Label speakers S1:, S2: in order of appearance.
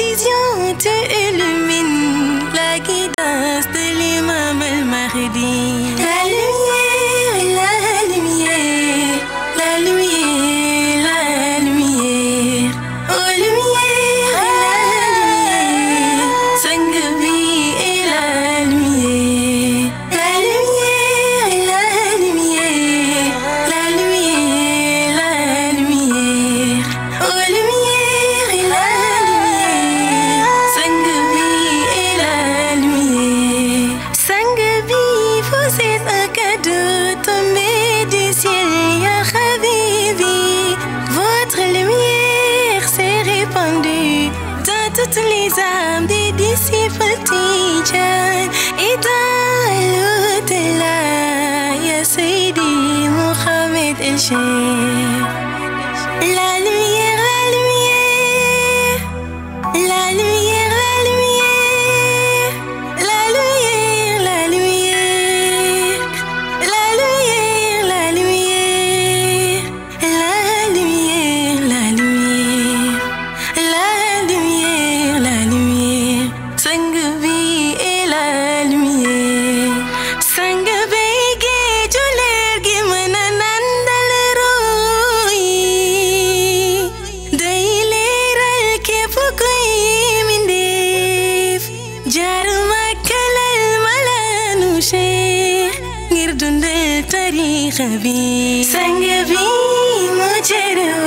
S1: décision de 心。marché ngir dundal tariixa bi sang bi mu jëriñ